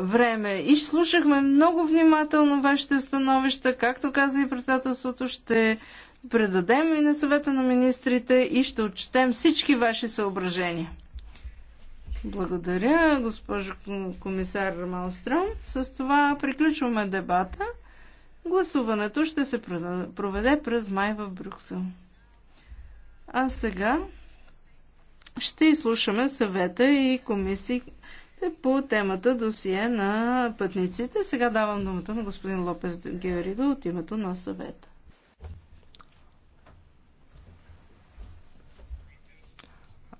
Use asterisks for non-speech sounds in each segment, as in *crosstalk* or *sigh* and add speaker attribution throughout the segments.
Speaker 1: време и слушахме много внимателно вашите становища, както каза и председателството, ще предадем и на съвета на министрите и ще отчетем всички ваши съображения. Благодаря, госпожо комисар Малстром. С това приключваме дебата. Гласуването ще се проведе през май в Брюксел. А сега ще изслушаме съвета и комисии по темата досие на пътниците. Сега давам думата на господин Лопес Георидо от името на
Speaker 2: съвета.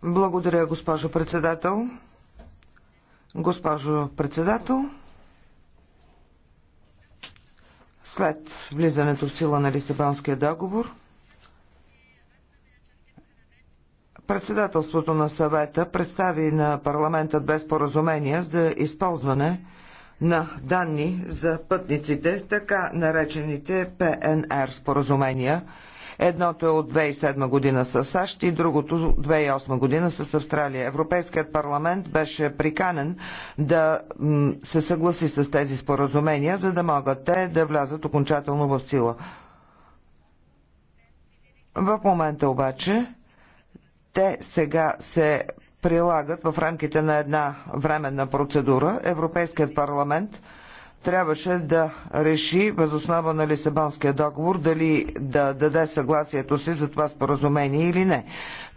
Speaker 2: Благодаря, госпожо председател. Госпожо председател, след влизането в сила на Лисабонския договор, Председателството на съвета представи на парламентът без поразумения за използване на данни за пътниците, така наречените ПНР споразумения. Едното е от 2007 година с САЩ и другото 2008 година с Австралия. Европейският парламент беше приканен да се съгласи с тези споразумения, за да могат те да влязат окончателно в сила. В момента обаче те сега се прилагат в рамките на една временна процедура. Европейският парламент трябваше да реши възоснова на Лисабонския договор дали да даде съгласието си за това споразумение или не.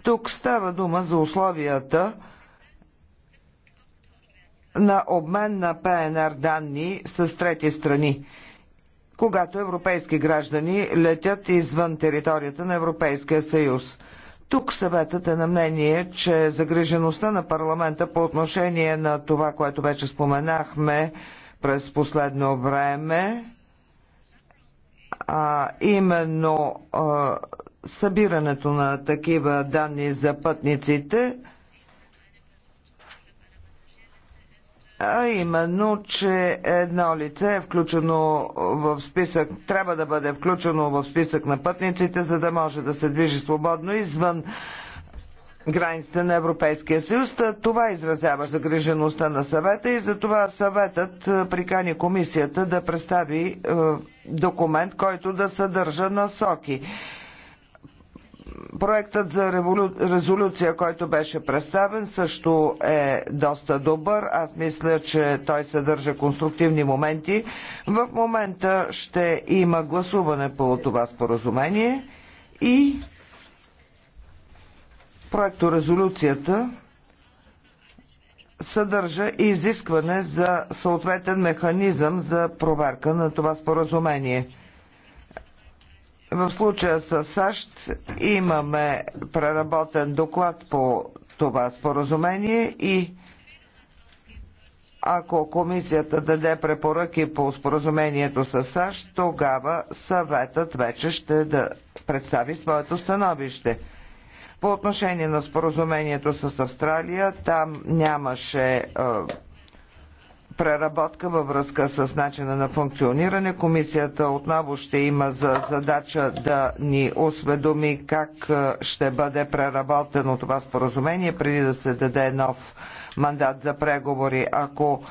Speaker 2: Тук става дума за условията на обмен на ПНР данни с трети страни, когато европейски граждани летят извън територията на Европейския съюз. Тук съветът е на мнение, че загрижеността на парламента по отношение на това, което вече споменахме през последно време, а именно а, събирането на такива данни за пътниците, а именно, че едно лице е включено в списък, трябва да бъде включено в списък на пътниците, за да може да се движи свободно извън границите на Европейския съюз. Това изразява загрижеността на съвета и затова съветът прикани комисията да представи е, документ, който да съдържа насоки. Проектът за резолюция, който беше представен, също е доста добър. Аз мисля, че той съдържа конструктивни моменти. В момента ще има гласуване по това споразумение и проекторезолюцията съдържа и изискване за съответен механизъм за проверка на това споразумение. В случая с САЩ имаме преработен доклад по това споразумение и ако комисията даде препоръки по споразумението с САЩ, тогава съветът вече ще да представи своето становище. По отношение на споразумението с Австралия, там нямаше е, преработка във връзка с начина на функциониране. Комисията отново ще има за задача да ни осведоми как ще бъде преработено това споразумение преди да се даде нов мандат за преговори. Ако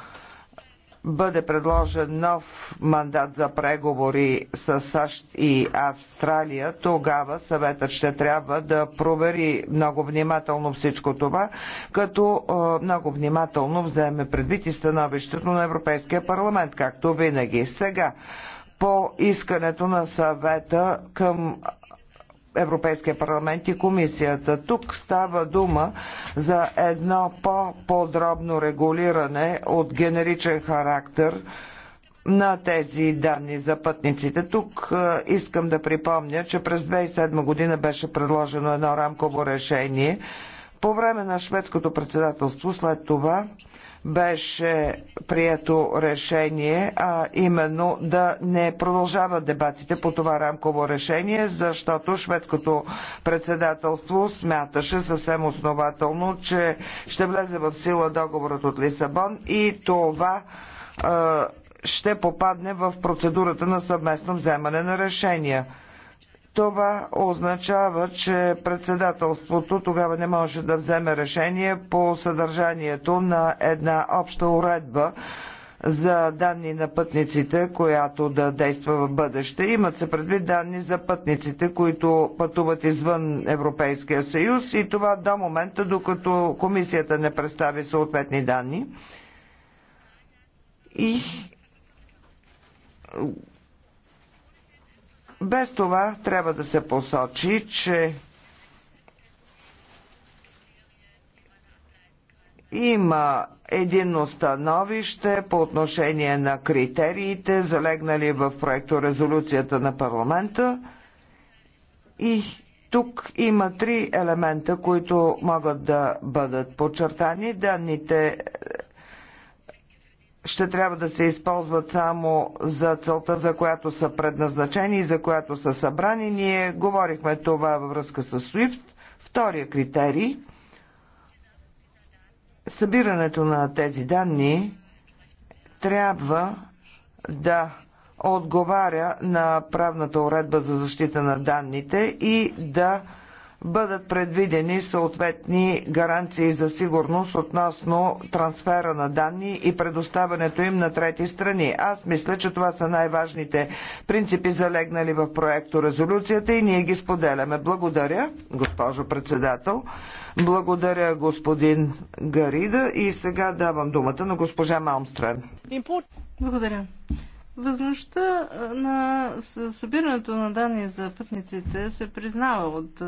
Speaker 2: бъде предложен нов мандат за преговори с САЩ и Австралия, тогава съветът ще трябва да провери много внимателно всичко това, като много внимателно вземе предвид и становището на Европейския парламент, както винаги. Сега по искането на съвета към Европейския парламент и комисията. Тук става дума за едно по-подробно регулиране от генеричен характер на тези данни за пътниците. Тук е, искам да припомня, че през 2007 година беше предложено едно рамково решение. По време на шведското председателство след това беше прието решение, а именно да не продължава дебатите по това рамково решение, защото шведското председателство смяташе съвсем основателно, че ще влезе в сила договорът от Лисабон и това ще попадне в процедурата на съвместно вземане на решения. Това означава, че председателството тогава не може да вземе решение по съдържанието на една обща уредба за данни на пътниците, която да действа в бъдеще. Имат се предвид данни за пътниците, които пътуват извън Европейския съюз и това до момента, докато комисията не представи съответни данни. И без това трябва да се посочи, че има единно становище по отношение на критериите, залегнали в проекто резолюцията на парламента и тук има три елемента, които могат да бъдат подчертани. Данните ще трябва да се използват само за целта, за която са предназначени и за която са събрани. Ние говорихме това във връзка с SWIFT. Втория критерий събирането на тези данни трябва да отговаря на правната уредба за защита на данните и да бъдат предвидени съответни гаранции за сигурност относно трансфера на данни и предоставянето им на трети страни. Аз мисля, че това са най-важните принципи залегнали в проекто резолюцията и ние ги споделяме. Благодаря, госпожо председател. Благодаря, господин Гарида. И сега давам думата на госпожа Малмстрен.
Speaker 1: Благодаря. Възможността на събирането на данни за пътниците се признава от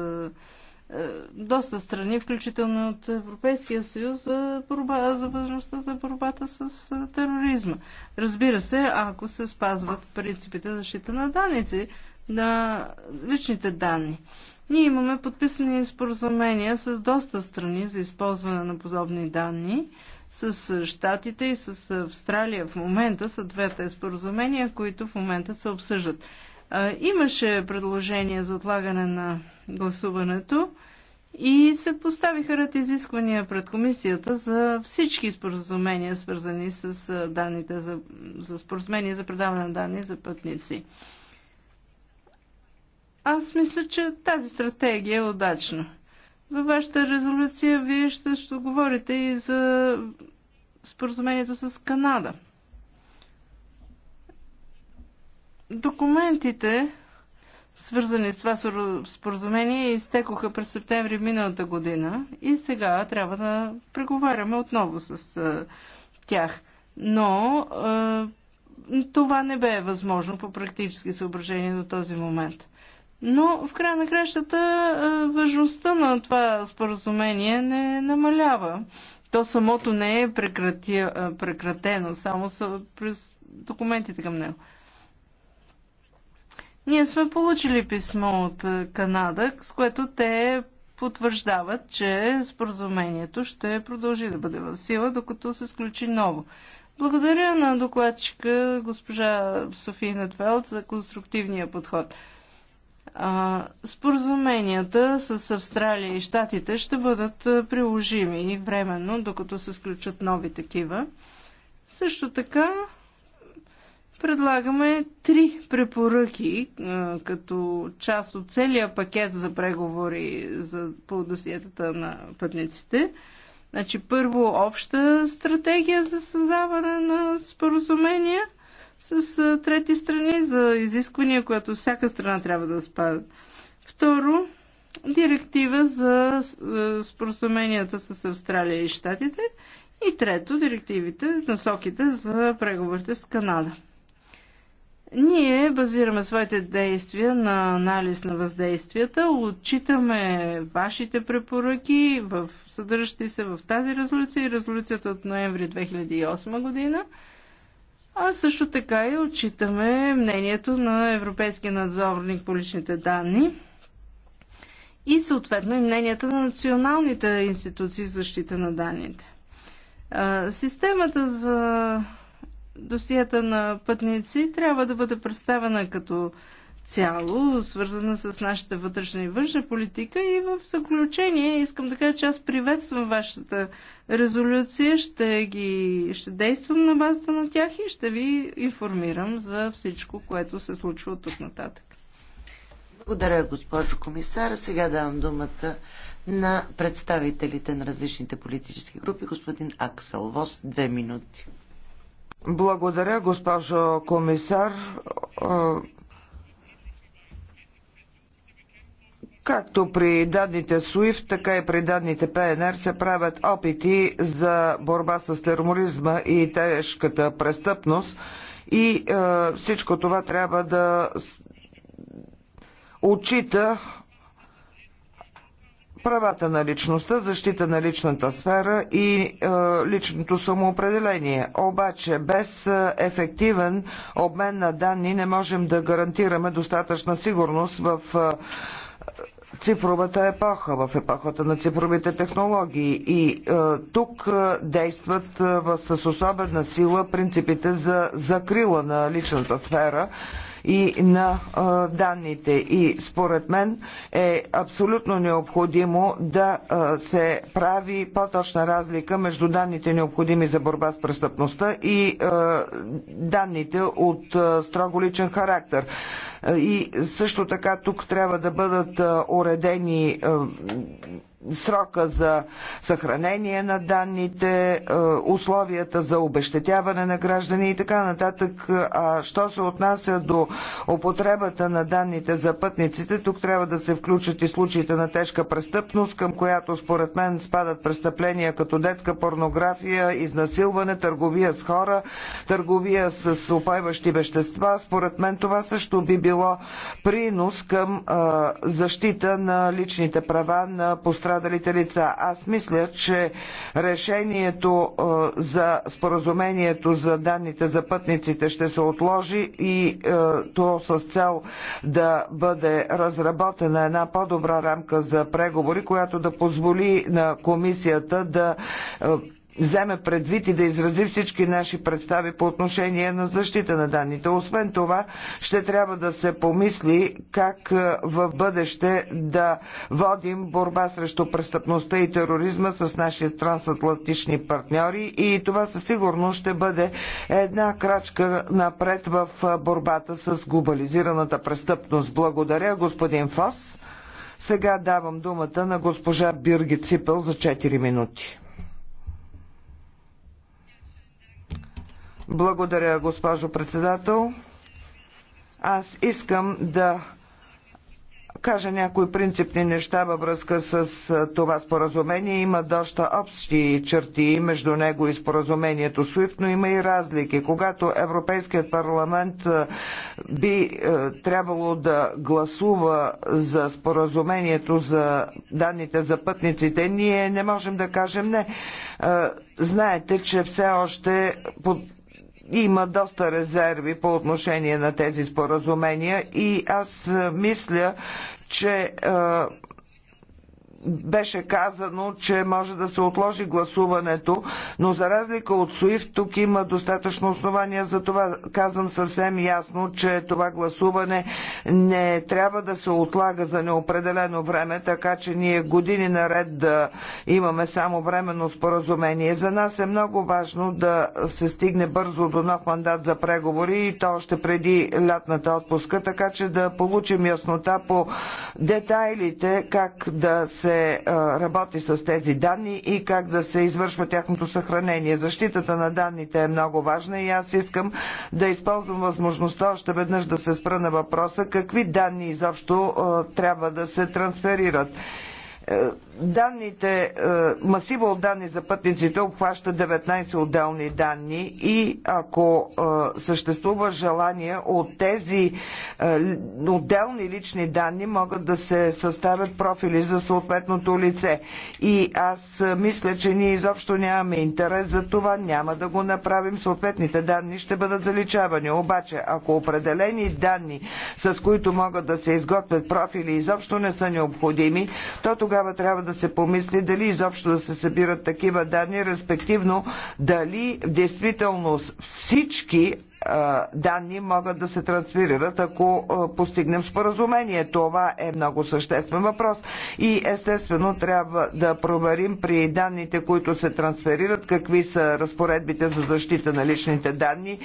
Speaker 1: доста страни, включително от Европейския съюз, за, борба, за възможността за борбата с тероризма. Разбира се, ако се спазват принципите за защита на данници, на личните данни. Ние имаме подписани споразумения с доста страни за използване на подобни данни, с Штатите и с Австралия в момента са двете споразумения, които в момента се обсъждат. Имаше предложение за отлагане на гласуването и се поставиха ред изисквания пред комисията за всички споразумения, свързани с данните за, за споразумения за предаване на данни за пътници. Аз мисля, че тази стратегия е удачна. Във вашата резолюция вие ще, ще говорите и за споразумението с Канада. Документите, свързани с това споразумение, изтекоха през септември миналата година и сега трябва да преговаряме отново с тях. Но това не бе възможно по практически съображения до този момент. Но в края на кращата важността на това споразумение не намалява. То самото не е прекрати, прекратено, само са през документите към него. Ние сме получили писмо от Канада, с което те потвърждават, че споразумението ще продължи да бъде в сила, докато се сключи ново. Благодаря на докладчика госпожа София Твелт за конструктивния подход. А, споразуменията с Австралия и Штатите ще бъдат приложими временно, докато се сключат нови такива. Също така предлагаме три препоръки като част от целия пакет за преговори за, по досиетата на пътниците. Значи първо обща стратегия за създаване на споразумения – с трети страни за изисквания, което всяка страна трябва да спада. Второ, директива за споразуменията с Австралия и Штатите. И трето, директивите, насоките за преговорите с Канада. Ние базираме своите действия на анализ на въздействията, отчитаме вашите препоръки, в, съдържащи се в тази резолюция и резолюцията от ноември 2008 година – а също така и отчитаме мнението на Европейския надзорник по личните данни и съответно и мненията на националните институции за защита на данните. Системата за досията на пътници трябва да бъде представена като цяло, свързана с нашата вътрешна и външна политика. И в заключение искам да кажа, че аз приветствам вашата резолюция, ще, ги, ще действам на базата на тях и ще ви информирам за всичко, което се случва от тук нататък.
Speaker 3: Благодаря, госпожо комисар. Сега давам думата на представителите на различните политически групи. Господин Аксел Вос, две минути.
Speaker 2: Благодаря, госпожо комисар. Както при данните SWIFT, така и при данните ПНР се правят опити за борба с тероризма и тежката престъпност и е, всичко това трябва да отчита правата на личността, защита на личната сфера и е, личното самоопределение. Обаче без е, ефективен обмен на данни не можем да гарантираме достатъчна сигурност в е, цифровата епоха, в епохата на цифровите технологии. И е, тук е, действат е, с особена сила принципите за закрила на личната сфера и на данните. И според мен е абсолютно необходимо да се прави по-точна разлика между данните необходими за борба с престъпността и данните от строго личен характер. И също така тук трябва да бъдат уредени срока за съхранение на данните, е, условията за обещетяване на граждани и така нататък. А що се отнася до употребата на данните за пътниците, тук трябва да се включат и случаите на тежка престъпност, към която според мен спадат престъпления като детска порнография, изнасилване, търговия с хора, търговия с опайващи вещества. Според мен това също би било принос към защита на личните права на пострадалите пострадалите лица. Аз мисля, че решението е, за споразумението за данните за пътниците ще се отложи и е, то с цел да бъде разработена една по-добра рамка за преговори, която да позволи на комисията да е, вземе предвид и да изрази всички наши представи по отношение на защита на данните. Освен това, ще трябва да се помисли как е, в бъдеще да водим борба срещу престъпността и тероризма с нашите трансатлантични партньори и това със сигурност ще бъде една крачка напред в е, борбата с глобализираната престъпност. Благодаря, господин Фос. Сега давам думата на госпожа Бирги Ципел за 4 минути. Благодаря, госпожо председател. Аз искам да кажа някои принципни неща във връзка с това споразумение. Има доста общи черти между него и споразумението SWIFT, но има и разлики. Когато Европейският парламент би трябвало да гласува за споразумението за данните за пътниците, ние не можем да кажем не. Знаете, че все още под има доста резерви по отношение на тези споразумения и аз мисля, че е, беше казано, че може да се отложи гласуването, но за разлика от СУИФТ тук има достатъчно основания за това. Казвам съвсем ясно, че това гласуване не трябва да се отлага за неопределено време, така че ние години наред да имаме само временно споразумение. За нас е много важно да се стигне бързо до нов мандат за преговори и то още преди лятната отпуска, така че да получим яснота по детайлите как да се се работи с тези данни и как да се извършва тяхното съхранение. Защитата на данните е много важна и аз искам да използвам възможността още веднъж да се спра на въпроса какви данни изобщо трябва да се трансферират. Е, данните, е, масива от данни за пътниците обхваща 19 отделни данни и ако е, съществува желание от тези отделни лични данни могат да се съставят профили за съответното лице. И аз мисля, че ние изобщо нямаме интерес за това, няма да го направим. Съответните данни ще бъдат заличавани. Обаче, ако определени данни, с които могат да се изготвят профили, изобщо не са необходими, то тогава тогава трябва да се помисли дали изобщо да се събират такива данни, респективно дали в действителност всички данни могат да се трансферират, ако постигнем споразумение. Това е много съществен въпрос. И естествено трябва да проверим при данните, които се трансферират, какви са разпоредбите за защита на личните данни,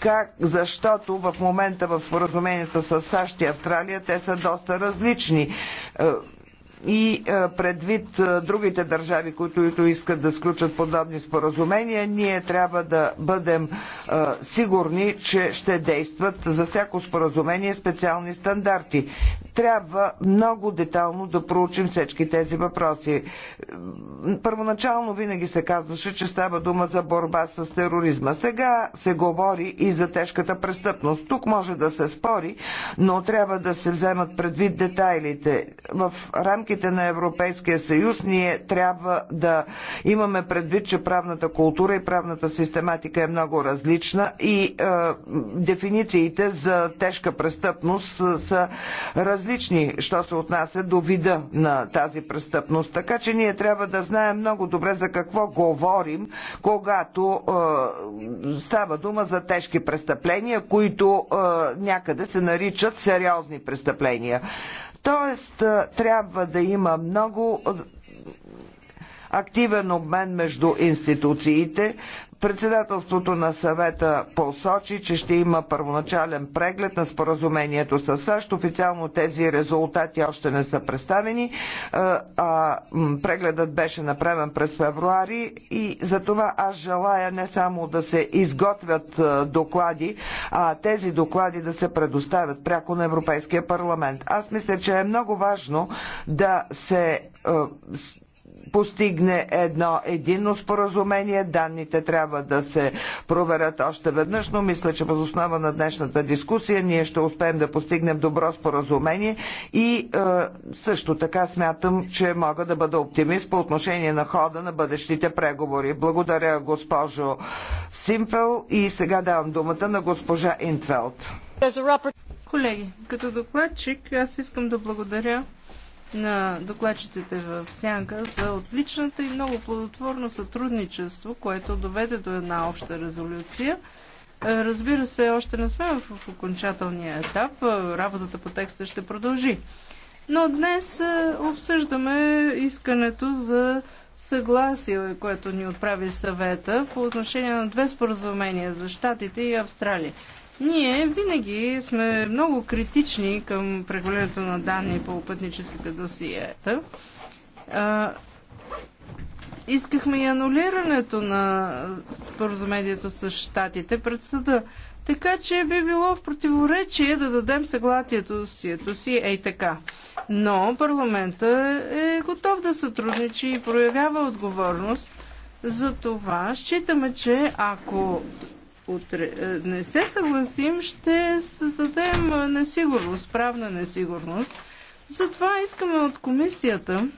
Speaker 2: как, защото в момента в споразуменията с САЩ и Австралия те са доста различни и е, предвид е, другите държави, които искат да сключат подобни споразумения, ние трябва да бъдем е, сигурни, че ще действат за всяко споразумение специални стандарти. Трябва много детално да проучим всички тези въпроси. Първоначално винаги се казваше, че става дума за борба с тероризма. Сега се говори и за тежката престъпност. Тук може да се спори, но трябва да се вземат предвид детайлите. В рамките рамките на Европейския съюз ние трябва да имаме предвид, че правната култура и правната систематика е много различна и е, дефинициите за тежка престъпност е, са, различни, що се отнася до вида на тази престъпност. Така че ние трябва да знаем много добре за какво говорим, когато е, става дума за тежки престъпления, които е, някъде се наричат сериозни престъпления. Тоест, трябва да има много активен обмен между институциите, Председателството на съвета посочи, че ще има първоначален преглед на споразумението с САЩ. Официално тези резултати още не са представени, е, а прегледът беше направен през февруари и за това аз желая не само да се изготвят е, доклади, а тези доклади да се предоставят пряко на Европейския парламент. Аз мисля, че е много важно да се е, постигне едно единно споразумение. Данните трябва да се проверят още веднъж, но мисля, че въз основа на днешната дискусия ние ще успеем да постигнем добро споразумение и е, също така смятам, че мога да бъда оптимист по отношение на хода на бъдещите преговори. Благодаря, госпожо Симпел и сега давам думата на госпожа Интвелт.
Speaker 1: Колеги, като докладчик аз искам да благодаря на докладчиците в Сянка за отличната и много плодотворно сътрудничество, което доведе до една обща резолюция. Е, разбира се, още не сме в окончателния етап. Е, работата по текста ще продължи. Но днес е, обсъждаме искането за съгласие, което ни отправи съвета по отношение на две споразумения за Штатите и Австралия. Ние винаги сме много критични към прехвърлянето на данни по пътническите досиета. Искахме и анулирането на споразумението с щатите пред съда. Така че би било в противоречие да дадем съгласието си, си ей така. Но парламента е готов да сътрудничи и проявява отговорност. За това считаме, че ако утре, е, не се съгласим, ще създадем е, несигурност, правна несигурност. Затова искаме от комисията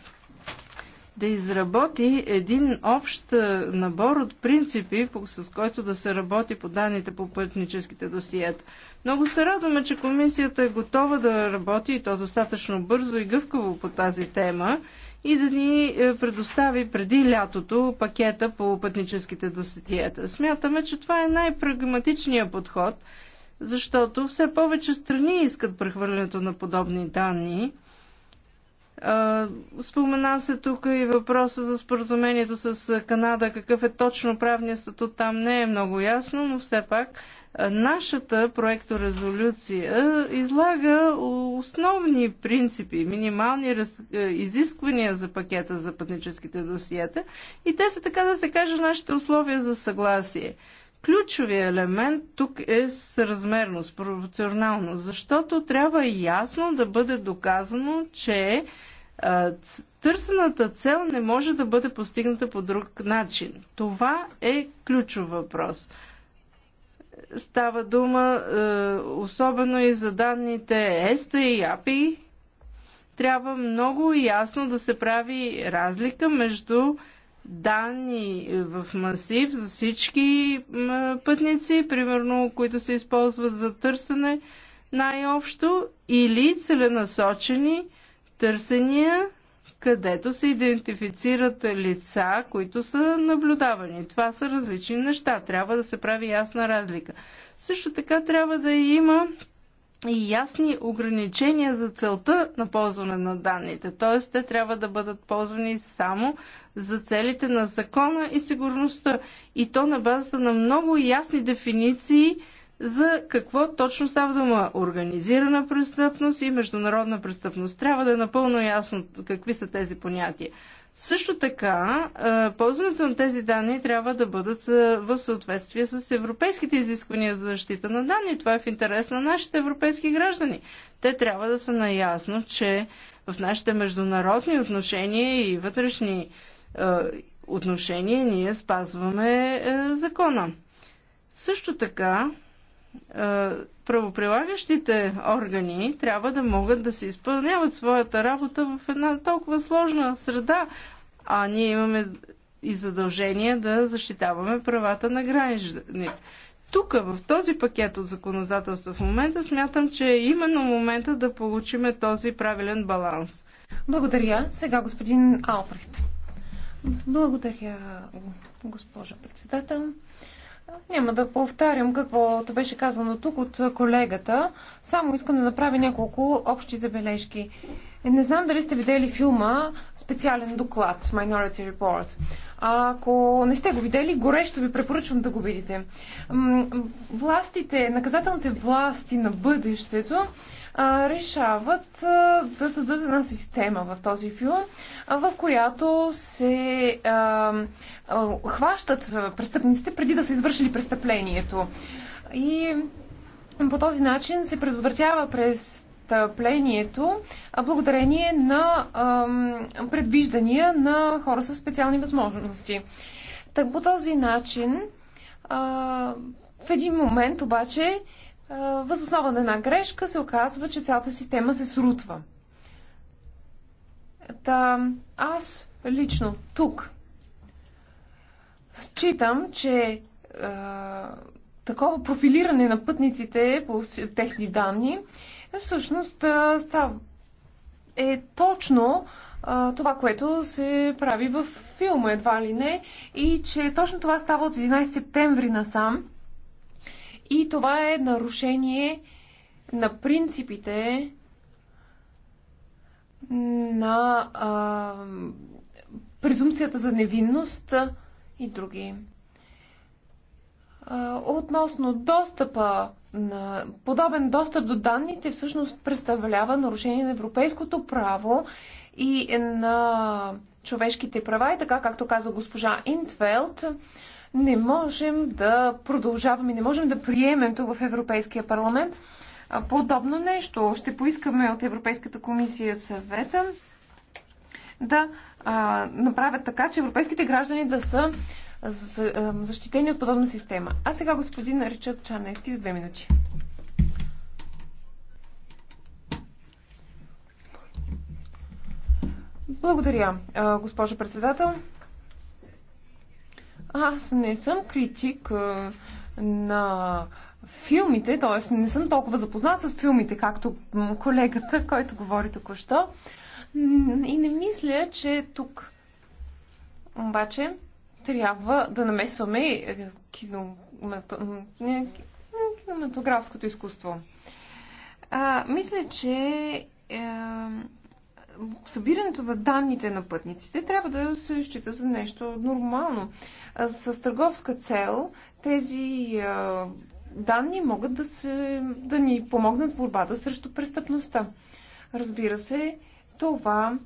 Speaker 1: да изработи един общ е, набор от принципи, с който да се работи по данните по пътническите досиета. Много се радваме, че комисията е готова да работи и то достатъчно бързо и гъвкаво по тази тема и да ни е, предостави преди лятото пакета по пътническите досетията. Смятаме, че това е най-прагматичният подход, защото все повече страни искат прехвърлянето на подобни данни Спомена се тук и въпроса за споразумението с Канада. Какъв е точно правният статут там не е много ясно, но все пак нашата проекторезолюция излага основни принципи, минимални раз... Е, изисквания за пакета за пътническите досиета и те са така да се каже нашите условия за съгласие. Ключовият елемент тук е съразмерност, пропорционалност, защото трябва ясно да бъде доказано, че търсената цел не може да бъде постигната по друг начин. Това е ключов въпрос. Става дума е, особено и за данните ЕСТА и АПИ. Трябва много ясно да се прави разлика между данни в масив за всички пътници, примерно, които се използват за търсене най-общо, или целенасочени търсения, където се идентифицират лица, които са наблюдавани. Това са различни неща. Трябва да се прави ясна разлика. Също така трябва да има и ясни ограничения за целта на ползване на данните. Т.е. те трябва да бъдат ползвани само за целите на закона и сигурността. И то на базата на много ясни дефиниции – за какво точно става дума. Организирана престъпност и международна престъпност. Трябва да е напълно ясно какви са тези понятия. Също така, е, ползването на тези данни трябва да бъдат е, в съответствие с европейските изисквания за защита на данни. Това е в интерес на нашите европейски граждани. Те трябва да са наясно, че в нашите международни отношения и вътрешни е, отношения ние спазваме закона. Също така, е, правоприлагащите органи трябва да могат да се изпълняват своята работа в една толкова сложна среда, а ние имаме и задължение да защитаваме правата на гражданите. Тук, в този пакет от законодателство в момента, смятам, че е именно момента да получиме този правилен баланс. Благодаря. Сега господин Алфред.
Speaker 4: Благодаря, госпожа председател. Няма да повтарям каквото беше казано тук от колегата. Само искам да направя няколко общи забележки. Не знам дали сте видели филма специален доклад Minority Report. Ако не сте го видели, горещо ви препоръчвам да го видите. Властите, наказателните власти на бъдещето а, решават а, да създадат една система в този филм, а, в която се а, а, хващат престъпниците преди да са извършили престъплението. И по този начин се предотвратява през престъплението, благодарение на а, предвиждания на хора с специални възможности. Так по този начин а, в един момент обаче възоснова на една грешка се оказва, че цялата система се срутва. Та, аз лично тук считам, че а, такова профилиране на пътниците по техни данни е, всъщност а, става, е точно а, това, което се прави в филма едва ли не и че точно това става от 11 септември насам и това е нарушение на принципите на а, презумцията за невинност и други. А, относно достъпа на подобен достъп до данните всъщност представлява нарушение на европейското право и на човешките права и така както каза госпожа Интвелт, не можем да продължаваме, не можем да приемем тук в Европейския парламент подобно нещо. Ще поискаме от Европейската комисия и от съвета да а, направят така, че европейските граждани да са защитени от подобна система. А сега господин Ричард Чарнески за две минути. Благодаря, госпожо председател. Аз не съм критик на филмите, т.е. не съм толкова запознат с филмите, както колегата, който говори току-що. И не мисля, че тук обаче трябва да намесваме е, е, кинематографското изкуство. А, мисля, че е, събирането на данните на пътниците трябва да се счита за нещо нормално. С търговска цел тези данни могат да, се, да ни помогнат в борбата срещу престъпността. Разбира се, това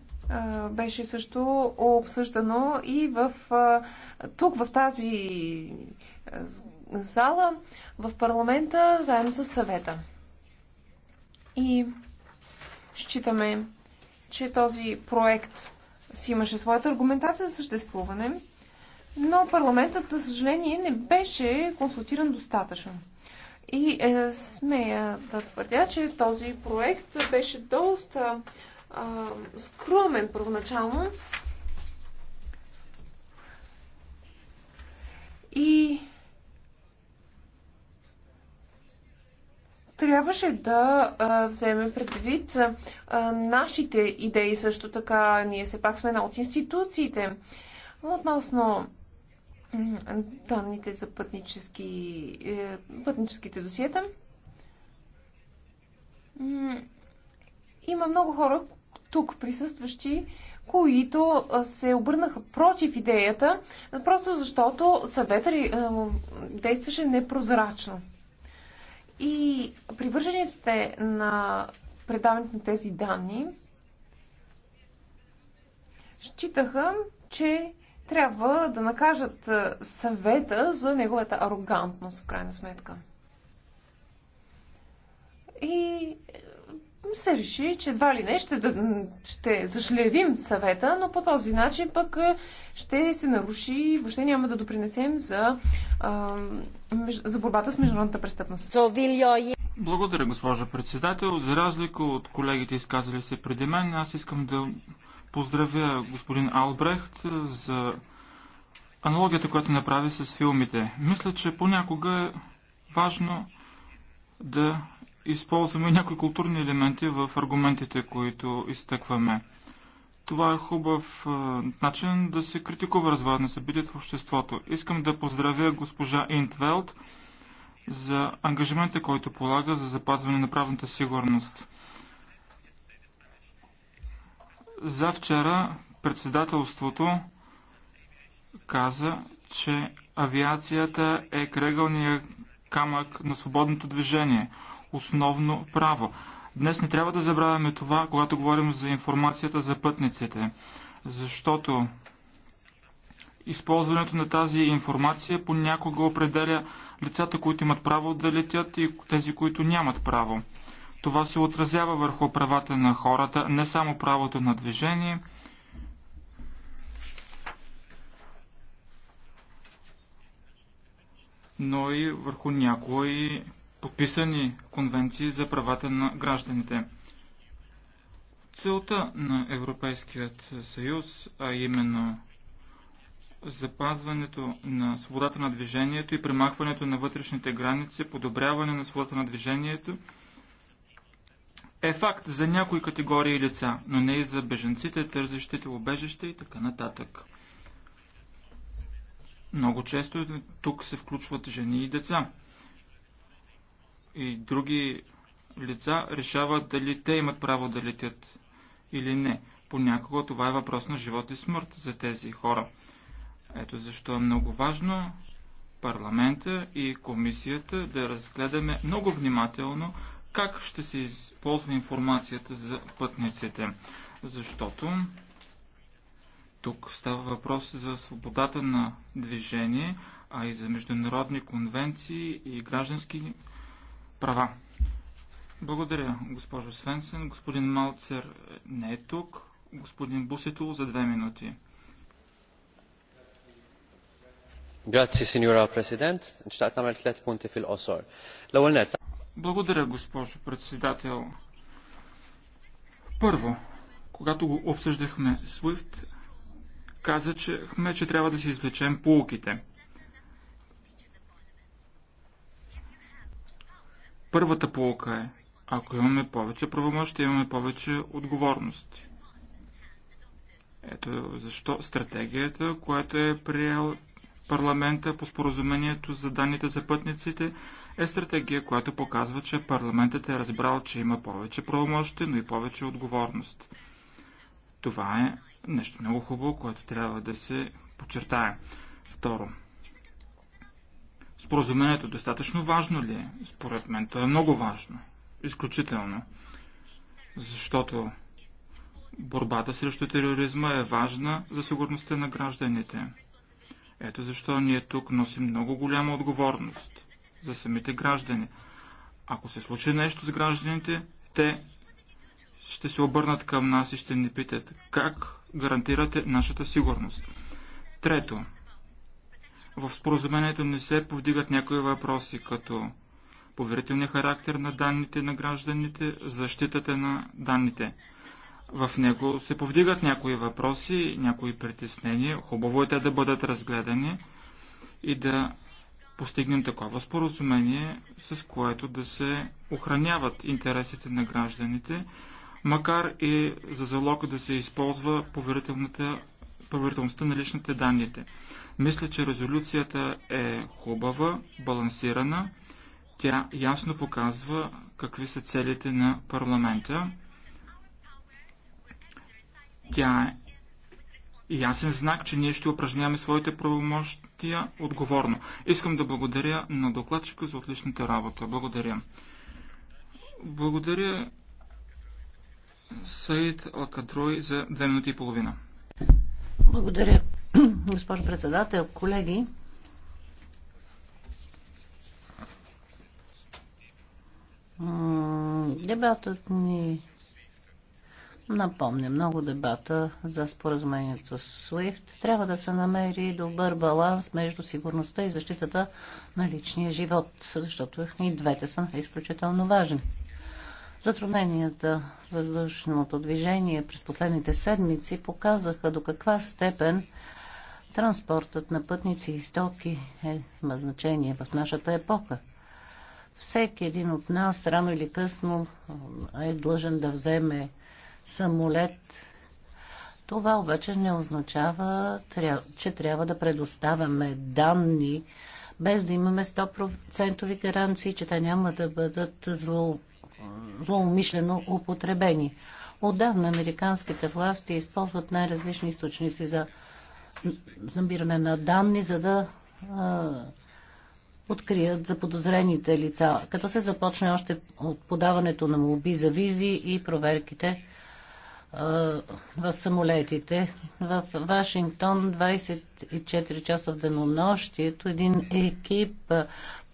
Speaker 4: беше също обсъждано и в, тук, в тази зала, в парламента, заедно с съвета. И считаме, че този проект си имаше своята аргументация за съществуване, но парламентът, за съжаление, не беше консултиран достатъчно. И е, смея да твърдя, че този проект беше доста а, скромен първоначално. И трябваше да вземе предвид нашите идеи също така. Ние все пак сме една от институциите. Относно данните за пътнически, е, пътническите досиета, има много хора тук присъстващи, които се обърнаха против идеята, просто защото съветът е, действаше непрозрачно. И привържениците на предаването на тези данни считаха, че трябва да накажат е, съвета за неговата арогантност, в крайна сметка. И е, се реши, че едва ли не ще, да, ще зашлевим съвета, но по този начин пък е, ще се наруши и въобще няма да допринесем за, а, за борбата с международната престъпност.
Speaker 5: Благодаря, госпожа председател. За разлика от колегите изказали се преди мен, аз искам да поздравя господин Албрехт за аналогията, която направи с филмите. Мисля, че понякога е важно да използваме някои културни елементи в аргументите, които изтъкваме. Това е хубав е, начин да се критикува развоят на събитието в обществото. Искам да поздравя госпожа Интвелд за ангажимента, който полага за запазване на правната сигурност. За вчера председателството каза, че авиацията е крегълния камък на свободното движение – основно право. Днес не трябва да забравяме това, когато говорим за информацията за пътниците, защото използването на тази информация понякога определя лицата, които имат право да летят и тези, които нямат право. Това се отразява върху правата на хората, не само правото на движение. но и върху някои подписани конвенции за правата на гражданите. Целта на Европейският съюз, а именно запазването на свободата на движението и премахването на вътрешните граници, подобряване на свободата на движението, е факт за някои категории лица, но не и за беженците, тързащите убежище и така нататък. Много често тук се включват жени и деца и други лица решават дали те имат право да летят или не. Понякога това е въпрос на живот и смърт за тези хора. Ето защо е много важно парламента и комисията да разгледаме много внимателно как ще се използва информацията за пътниците. Защото тук става въпрос за свободата на движение, а и за международни конвенции и граждански права. Благодаря, госпожо Свенсен. Господин Малцер не е тук. Господин Бусетул за две минути. Благодаря, госпожо председател. Първо, когато го обсъждахме SWIFT, казахме, че трябва да си извлечем полуките. Първата полука е, ако имаме повече правомощи, имаме повече отговорности. Ето защо стратегията, която е приел парламента по споразумението за данните за пътниците, е стратегия, която показва, че парламентът е разбрал, че има повече правомощи, но и повече отговорност. Това е нещо много хубаво, което трябва да се подчертае. Второ, Споразумението достатъчно важно ли е? Според мен то е много важно. Изключително. Защото борбата срещу тероризма е важна за сигурността на гражданите. Ето защо ние тук носим много голяма отговорност за самите граждани. Ако се случи нещо с гражданите, те ще се обърнат към нас и ще ни питат как гарантирате нашата сигурност. Трето, в споразумението не се повдигат някои въпроси, като поверителния характер на данните на гражданите, защитата на данните. В него се повдигат някои въпроси, някои притеснения. Хубаво е те да бъдат разгледани и да постигнем такова споразумение, с което да се охраняват интересите на гражданите, макар и за залог да се използва поверителността на личните данните. Мисля, че резолюцията е хубава, балансирана. Тя ясно показва какви са целите на парламента. Тя е ясен знак, че ние ще упражняваме своите правомощия отговорно. Искам да благодаря на докладчика за отличната работа. Благодаря. Благодаря Саид Алкадрой за две минути и половина.
Speaker 3: Благодаря, госпожо председател, колеги. Дебатът ни напомня много дебата за споразумението с SWIFT. Трябва да се намери добър баланс между сигурността и защитата на личния живот, защото и двете са изключително важни. Затрудненията въздушното движение през последните седмици показаха до каква степен Транспортът на пътници и стоки е, има значение в нашата епоха. Всеки един от нас, рано или късно, е длъжен да вземе самолет. Това обаче не означава, че трябва да предоставяме данни, без да имаме 100% гаранции, че те няма да бъдат зло, злоумишлено употребени. Отдавна американските власти използват най-различни източници за събиране на данни, за да а, открият заподозрените лица, като се започне още от подаването на молби за визи и проверките в самолетите. В Вашингтон 24 часа в денонощието един екип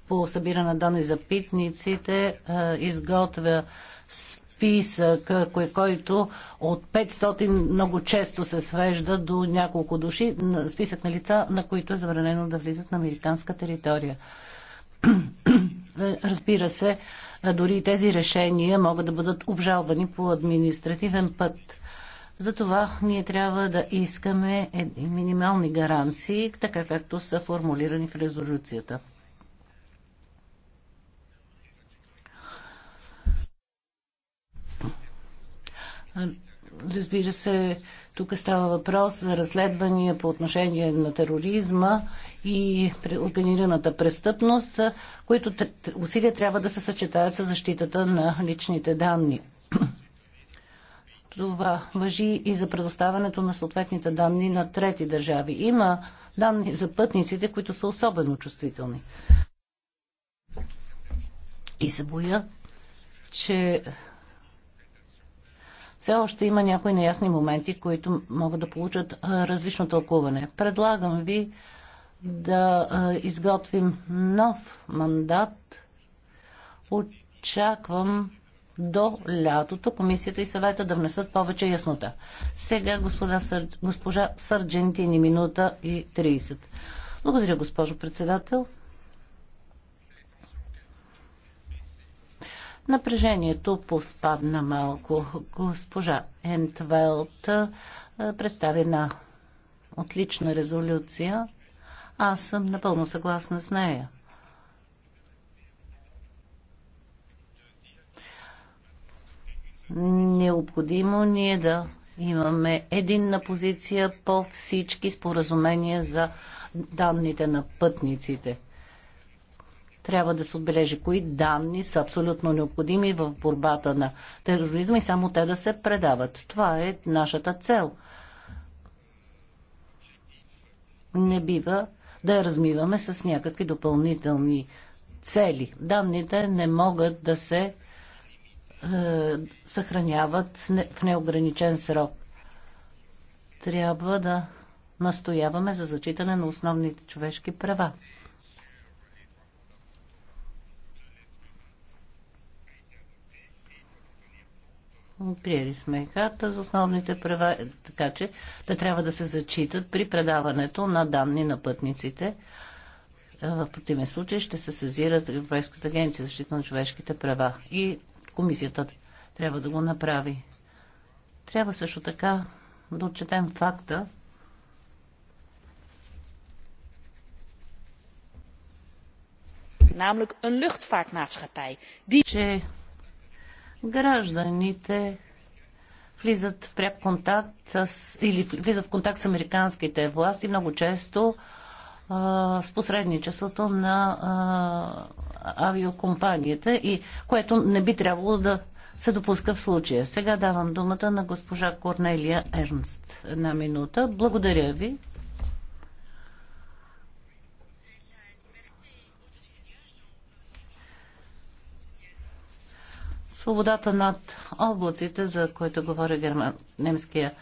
Speaker 3: по събиране на данни за питниците изготвя списък, който от 500 много често се свежда до няколко души, списък на лица, на които е забранено да влизат на американска територия. *clears throat* Разбира се, дори тези решения могат да бъдат обжалвани по административен път. Затова ние трябва да искаме минимални гаранции, така както са формулирани в резолюцията. Разбира се, тук става въпрос за разследвания по отношение на тероризма и организираната престъпност, които усилия трябва да се съчетаят с защитата на личните данни. Това въжи и за предоставянето на съответните данни на трети държави. Има данни за пътниците, които са особено чувствителни. И се боя, че все още има някои неясни моменти, които могат да получат различно тълкуване. Предлагам ви да изготвим нов мандат. Очаквам до лятото комисията и съвета да внесат повече яснота. Сега господа, госпожа Сърджентини минута и 30. Благодаря, госпожо председател. Напрежението поспадна малко. Госпожа Ентвелт представи една отлична резолюция. Аз съм напълно съгласна с нея. Необходимо ни е да имаме единна позиция по всички споразумения за данните на пътниците трябва да се отбележи кои данни са абсолютно необходими в борбата на тероризма и само те да се предават. Това е нашата цел. Не бива да я размиваме с някакви допълнителни цели. Данните не могат да се е, съхраняват в неограничен срок. Трябва да настояваме за зачитане на основните човешки права. Приели сме карта за основните права, така че те трябва да се зачитат при предаването на данни на пътниците. Е, в противен случай ще се сезират Европейската агенция за защита на човешките права и комисията трябва да го направи. Трябва също така да отчетем факта,
Speaker 1: namelijk een luchtvaartmaatschappij
Speaker 3: die гражданите влизат в пряк контакт с, или влизат в контакт с американските власти много често а, с посредничеството на а, авиокомпанията, и, което не би трябвало да се допуска в случая. Сега давам думата на госпожа Корнелия Ернст. Една минута. Благодаря ви. Свободата над облаците, за които говори герман, немския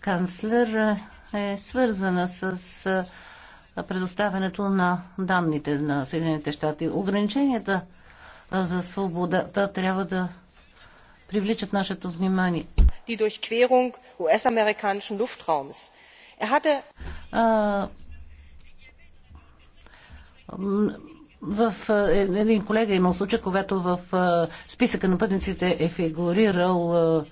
Speaker 3: канцлер, е свързана с предоставянето на данните на Съединените щати. Ограниченията за свободата трябва да привличат нашето внимание. Die
Speaker 4: Durchquerung US-amerikanischen Luftraums. Er hatte...
Speaker 3: В е, един колега е имал случай, когато в е, списъка на пътниците е фигурирал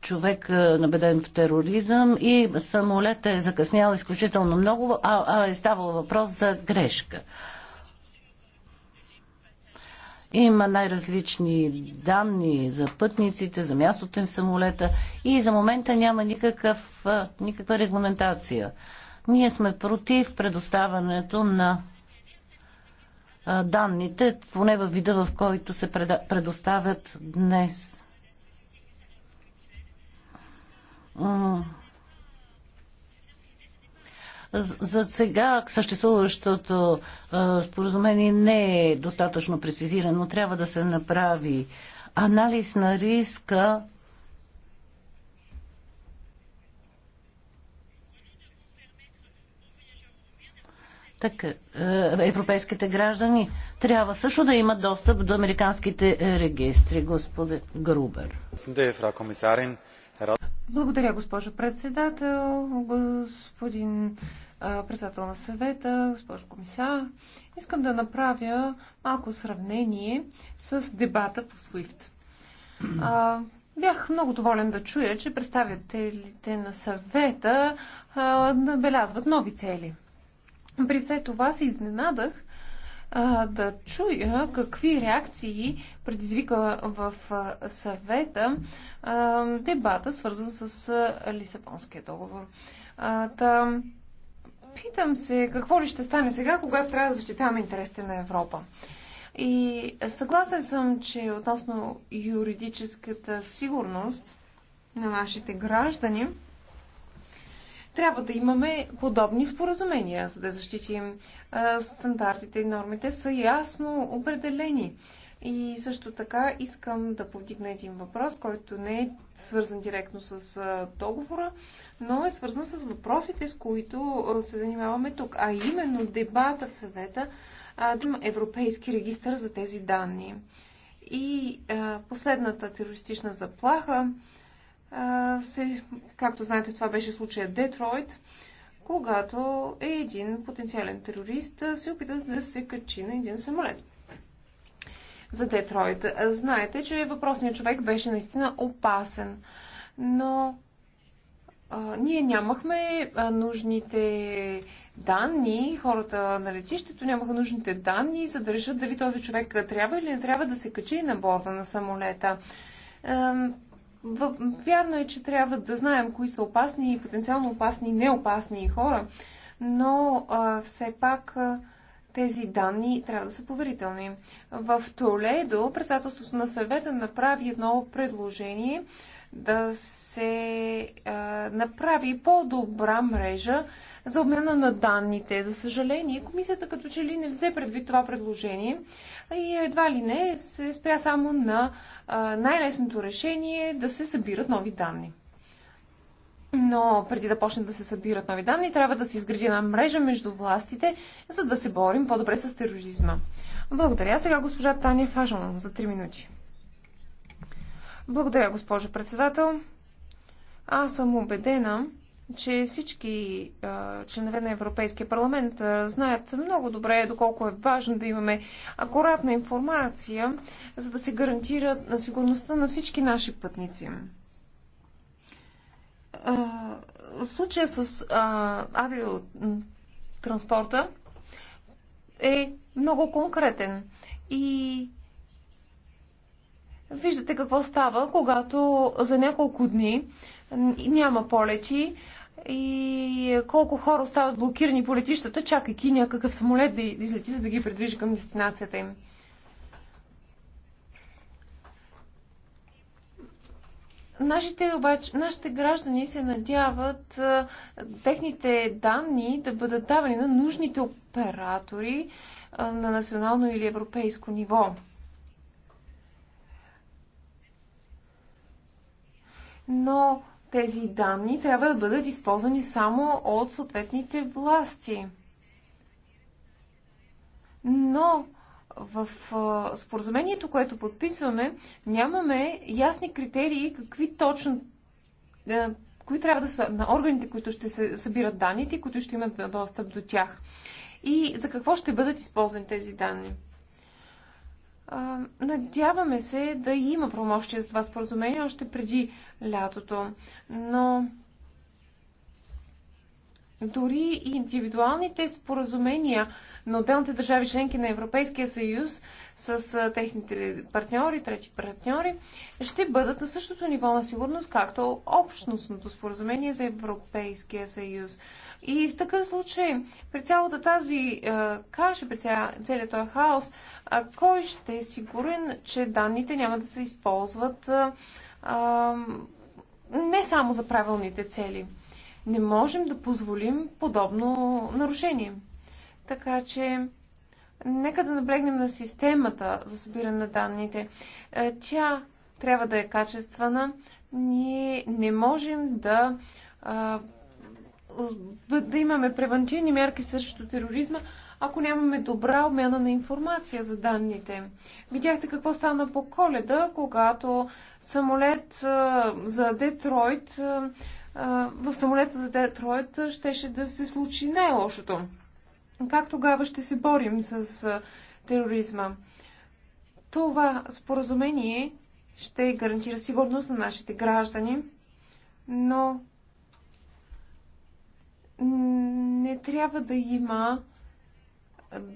Speaker 3: човек набеден в тероризъм и самолетът е закъснял изключително много, а, а е ставал въпрос за грешка. Има най-различни данни за пътниците, за мястото им в самолета и за момента няма никакъв, никаква регламентация. Ние сме против предоставането на данните, поне във вида, в който се предоставят днес. За сега съществуващото споразумение не е достатъчно прецизирано. Трябва да се направи анализ на риска така, е, европейските граждани трябва също да имат достъп до американските е, регистри, господин Грубер.
Speaker 4: Благодаря, госпожо председател, господин е, председател на съвета, госпожо комисар. Искам да направя малко сравнение с дебата по SWIFT. Бях много доволен да чуя, че представителите на съвета набелязват нови цели – при все това се изненадах а, да чуя какви реакции предизвика в а, съвета а, дебата, свързан с а, Лисабонския договор. А, та, питам се какво ли ще стане сега, когато трябва да защитаваме интересите на Европа. И съгласен съм, че относно юридическата сигурност на нашите граждани, трябва да имаме подобни споразумения, за да защитим стандартите и нормите са ясно определени. И също така искам да повдигна един въпрос, който не е свързан директно с договора, но е свързан с въпросите, с които се занимаваме тук, а именно дебата в съвета Европейски регистър за тези данни. И а, последната терористична заплаха се, както знаете, това беше случая Детройт, когато е един потенциален терорист се опита да се качи на един самолет. За Детройт. Знаете, че въпросният човек беше наистина опасен, но а, ние нямахме а, нужните данни, хората на летището нямаха нужните данни, за да решат дали този човек трябва или не трябва да се качи на борда на самолета Вярно е, че трябва да знаем кои са опасни и потенциално опасни и неопасни хора, но а, все пак а, тези данни трябва да са поверителни. В Толедо председателството на съвета направи едно предложение да се а, направи по-добра мрежа за обмена на данните. За съжаление, комисията като че ли не взе предвид това предложение и едва ли не се спря само на най-лесното решение да се събират нови данни. Но преди да почнат да се събират нови данни, трябва да се изгради една мрежа между властите, за да се борим по-добре с тероризма. Благодаря. Сега госпожа Таня Фажон за 3 минути. Благодаря, госпожо председател. Аз съм убедена, че всички а, членове на Европейския парламент а, знаят много добре доколко е важно да имаме акуратна информация, за да се гарантира на сигурността на всички наши пътници. А, случая с а, авиотранспорта е много конкретен и виждате какво става, когато за няколко дни няма полети, и колко хора остават блокирани по летищата, чакайки някакъв самолет да излети, за да ги придвижи към дестинацията им. Нашите, обаче, нашите граждани се надяват техните данни да бъдат давани на нужните оператори на национално или европейско ниво. Но тези данни трябва да бъдат използвани само от съответните власти. Но в споразумението, което подписваме, нямаме ясни критерии какви точно кои трябва да са на органите, които ще се събират данните, които ще имат достъп до тях. И за какво ще бъдат използвани тези данни? Надяваме се да има промощие за това споразумение още преди лятото, но дори и индивидуалните споразумения на отделните държави членки на Европейския съюз с техните партньори, трети партньори, ще бъдат на същото ниво на сигурност, както общностното споразумение за Европейския съюз. И в такъв случай, при цялата тази е, каша, при целият този хаос, а, кой ще е сигурен, че данните няма да се използват е, е, не само за правилните цели? Не можем да позволим подобно нарушение. Така че, нека да наблегнем на системата за събиране на данните. Е, тя трябва да е качествена. Ние не можем да е, да имаме превентивни мерки срещу тероризма, ако нямаме добра обмяна на информация за данните. Видяхте какво стана по коледа, когато самолет за Детройт, в самолета за Детройт щеше да се случи най-лошото. Как тогава ще се борим с тероризма? Това споразумение ще гарантира сигурност на нашите граждани, но не трябва да има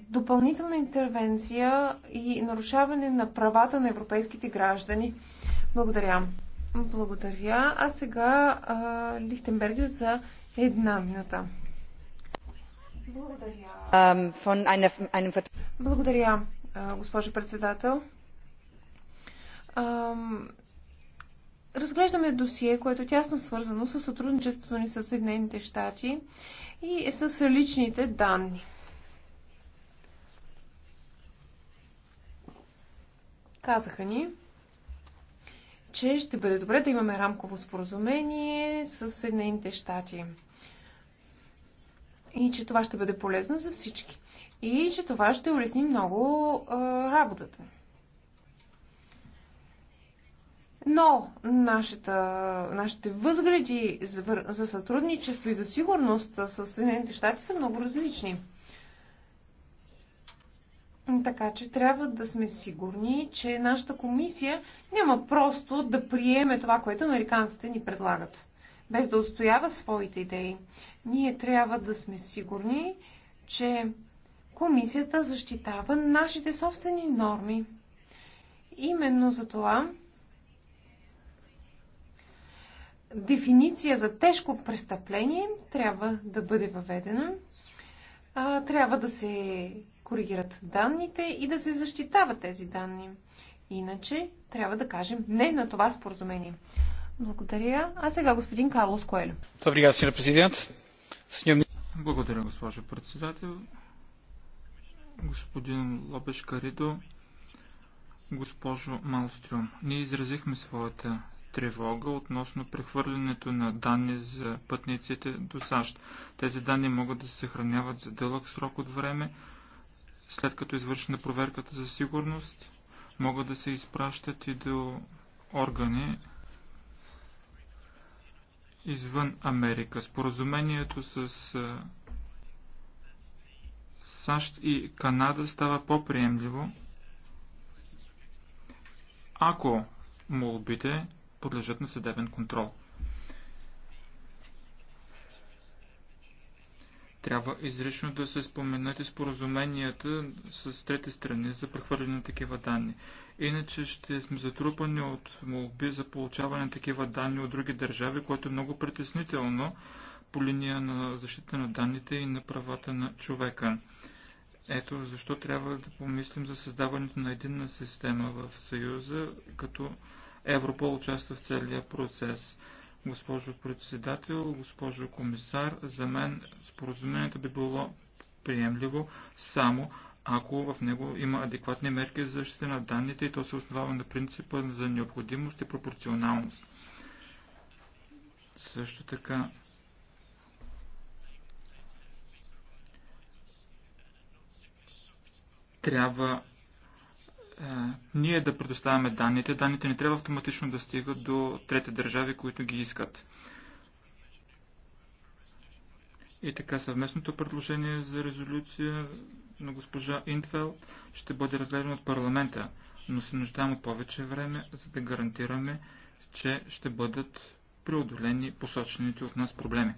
Speaker 4: допълнителна интервенция и нарушаване на правата на европейските граждани. Благодаря. Благодаря. А сега Лихтенбергер за една минута. Благодаря. Благодаря, госпожо председател. Разглеждаме досие, което е тясно свързано с сътрудничеството ни с Съединените щати и е с личните данни. Казаха ни, че ще бъде добре да имаме рамково споразумение с Съединените щати. И че това ще бъде полезно за всички. И че това ще улесни много а, работата ни. Но нашата, нашите възгледи за, за сътрудничество и за сигурност с Съединените щати са много различни. Така че трябва да сме сигурни, че нашата комисия няма просто да приеме това, което американците ни предлагат, без да устоява своите идеи. Ние трябва да сме сигурни, че комисията защитава нашите собствени норми. Именно за това дефиниция за тежко престъпление трябва да бъде въведена. А, трябва да се коригират данните и да се защитават тези данни. Иначе трябва да кажем не на това споразумение. Благодаря. А сега господин Карлос Коелю.
Speaker 5: Добре, президент. Благодаря, госпожо
Speaker 4: председател.
Speaker 5: Господин Лобеш Каридо, госпожо Малстрюм, ние изразихме своята тревога относно прехвърлянето на данни за пътниците до САЩ. Тези данни могат да се съхраняват за дълъг срок от време, след като е извършена проверката за сигурност, могат да се изпращат и до органи извън Америка. Споразумението с САЩ и Канада става по-приемливо, ако молбите подлежат на съдебен контрол. Трябва изрично да се споменат и споразуменията с трети страни за прехвърляне на такива данни. Иначе ще сме затрупани от молби за получаване на такива данни от други държави, което е много притеснително по линия на защита на данните и на правата на човека. Ето защо трябва да помислим за създаването на единна система в Съюза, като Европол участва в целия процес. Госпожо председател, госпожо комисар, за мен споразумението би било приемливо само ако в него има адекватни мерки за защита на данните и то се основава на принципа за необходимост и пропорционалност. Също така, трябва е, ние да предоставяме данните. Данните не трябва автоматично да стигат до трети държави, които ги искат. И така съвместното предложение за резолюция на госпожа Интвел ще бъде разгледано от парламента, но се нуждаем от повече време, за да гарантираме, че ще бъдат преодолени посочените от нас проблеми.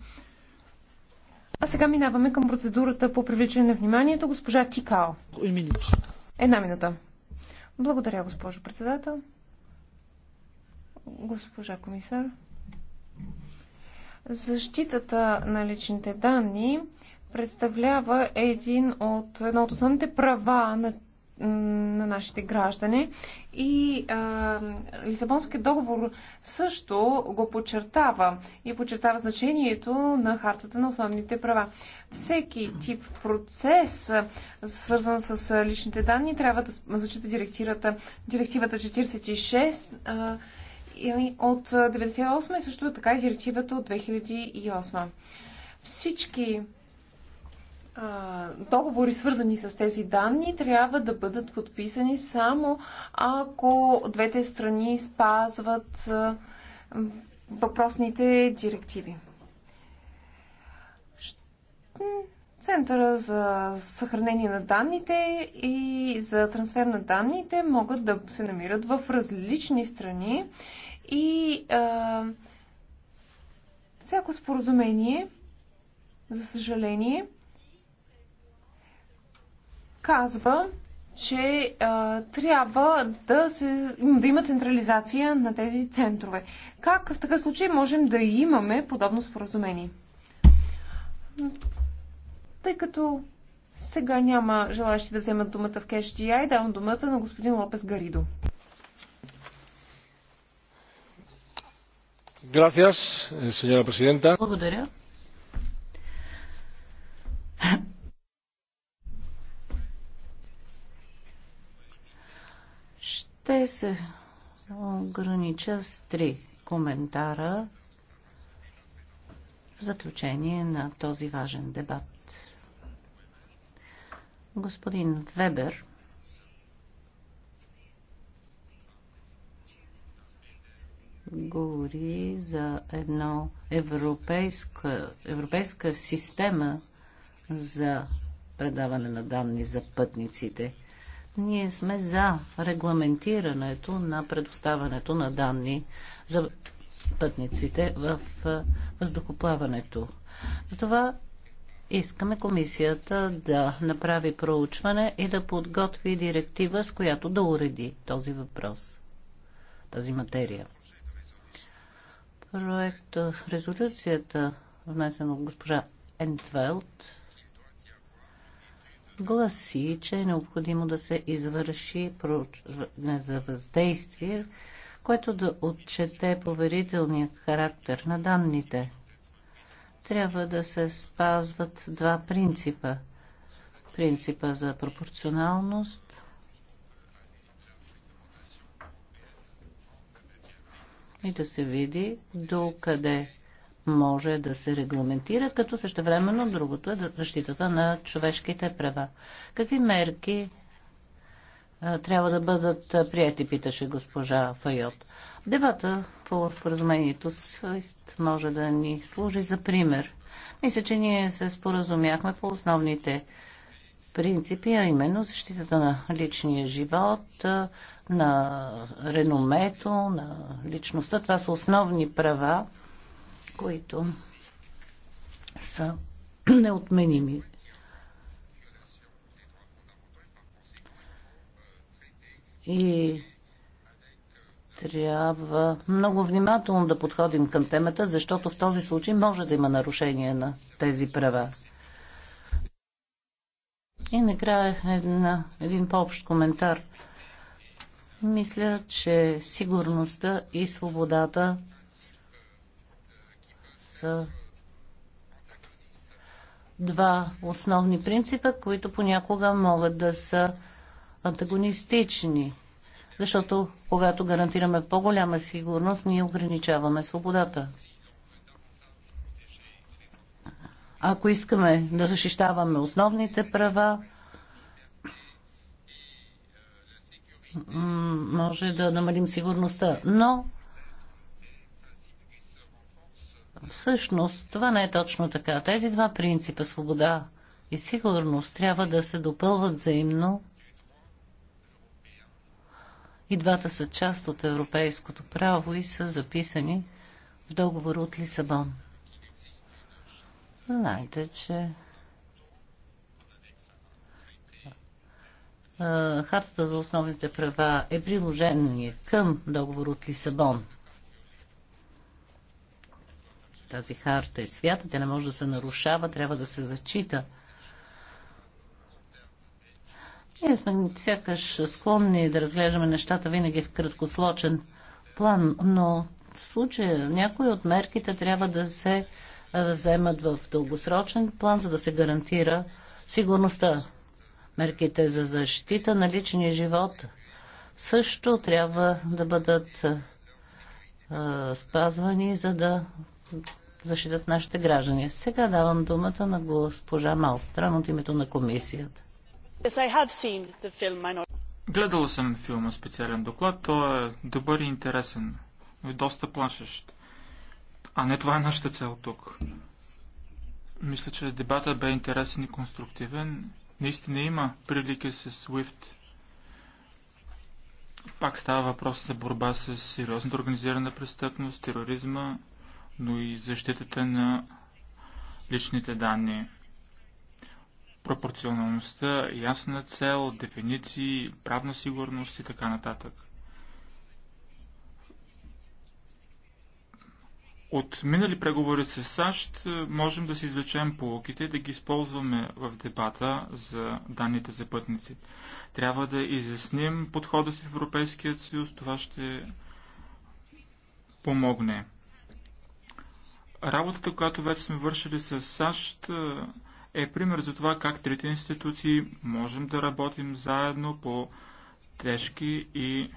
Speaker 4: А сега минаваме към процедурата по привличане на вниманието. Госпожа Тикао. Една минута. Благодаря, госпожо председател. Госпожа комисар. Защитата на личните данни представлява един от, едно от основните права на на нашите граждани. И а, Лисабонският договор също го подчертава и подчертава значението на хартата на основните права. Всеки тип процес, свързан с личните данни, трябва да зачита директивата, директивата 46 а, от 1998 и също така и директивата от 2008. Всички договори, свързани с тези данни, трябва да бъдат подписани само ако двете страни спазват въпросните директиви. Центъра за съхранение на данните и за трансфер на данните могат да се намират в различни страни и а, всяко споразумение, за съжаление, казва, че а, трябва да, се, да има централизация на тези центрове. Как в такъв случай можем да имаме подобно споразумение? Тъй като сега няма желащи да вземат думата в я и давам думата на господин Лопес Гаридо.
Speaker 5: Благодаря.
Speaker 3: Те се огранича с три коментара в заключение на този важен дебат. Господин Вебер говори за едно европейска, европейска система за предаване на данни за пътниците – ние сме за регламентирането на предоставането на данни за пътниците в въздухоплаването. Затова искаме комисията да направи проучване и да подготви директива, с която да уреди този въпрос, тази материя. Проект резолюцията, внесен от госпожа Ентвелт, гласи, че е необходимо да се извърши проучване за въздействие, което да отчете поверителния характер на данните. Трябва да се спазват два принципа. Принципа за пропорционалност и да се види до къде може да се регламентира, като същевременно другото е защитата на човешките права. Какви мерки трябва да бъдат прияти, питаше госпожа Файот. Дебата по споразумението може да ни служи за пример. Мисля, че ние се споразумяхме по основните принципи, а именно защитата на личния живот, на реномето, на личността. Това са основни права, които са *clears throat* неотменими. И трябва много внимателно да подходим към темата, защото в този случай може да има нарушение на тези права. И накрая една, един по-общ коментар. Мисля, че сигурността и свободата са два основни принципа, които понякога могат да са антагонистични. Защото когато гарантираме по-голяма сигурност, ние ограничаваме свободата. Ако искаме да защищаваме основните права, може да намалим сигурността. Но Всъщност, това не е точно така. Тези два принципа, свобода и сигурност, трябва да се допълват взаимно. И двата са част от европейското право и са записани в договор от Лисабон. Знаете, че Хартата за основните права е приложение към договор от Лисабон. Тази харта е свята, тя не може да се нарушава, трябва да се зачита. Ние сме сякаш склонни да разглеждаме нещата винаги в краткосрочен план, но в случая някои от мерките трябва да се вземат в дългосрочен план, за да се гарантира сигурността. Мерките за защита на личния живот също трябва да бъдат а, спазвани, за да защитат нашите граждани. Сега давам думата на госпожа Малстран от името на комисията.
Speaker 5: Гледала съм филма специален доклад. Той е добър и интересен, и е доста плашещ. А не това е нашата цел тук. Мисля, че дебата бе интересен и конструктивен. Наистина има прилики с SWIFT. Пак става въпрос за борба с сериозната организирана престъпност, тероризма, но и защитата на личните данни. Пропорционалността, ясна цел, дефиниции, правна сигурност и така нататък. От минали преговори с САЩ е, можем да си извлечем полуките и да ги използваме в дебата за данните за пътници. Трябва да изясним подхода си в Европейският съюз, това ще помогне. Работата, която вече сме вършили с САЩ, е, е пример за това как трите институции можем да работим заедно по тежки и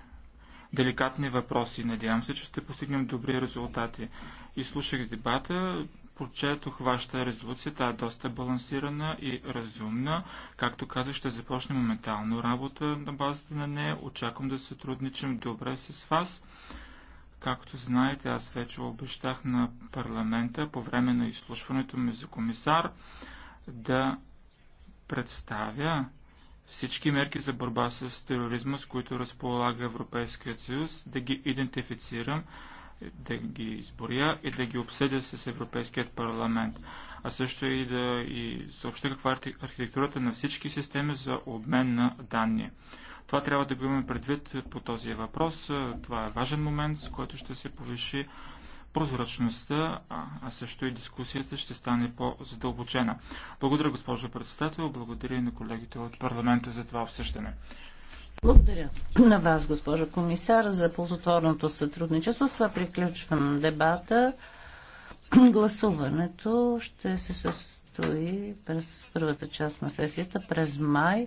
Speaker 5: деликатни въпроси. Надявам се, че ще постигнем добри резултати. И слушах дебата, прочетох вашата резолюция, тя е доста балансирана и разумна. Както казах, ще започне моментално работа на базата на нея. Очаквам да сътрудничим добре с вас. Както знаете, аз вече обещах на парламента по време на изслушването ми за комисар да представя всички мерки за борба с тероризма, с които разполага Европейският съюз, да ги идентифицирам, да ги изборя и да ги обсъдя с Европейският парламент. А също и да и съобща каква е архитектурата на всички системи за обмен на данни. Това трябва да го имаме предвид по този въпрос. Това е важен момент, с който ще се повиши прозрачността, а също и дискусията ще стане по-задълбочена. Благодаря, госпожо председател. Благодаря
Speaker 3: и на колегите от парламента за това обсъждане. Благодаря на вас, госпожо комисар, за ползотворното сътрудничество. С това приключвам дебата. Гласуването ще се състои през първата част на сесията през май.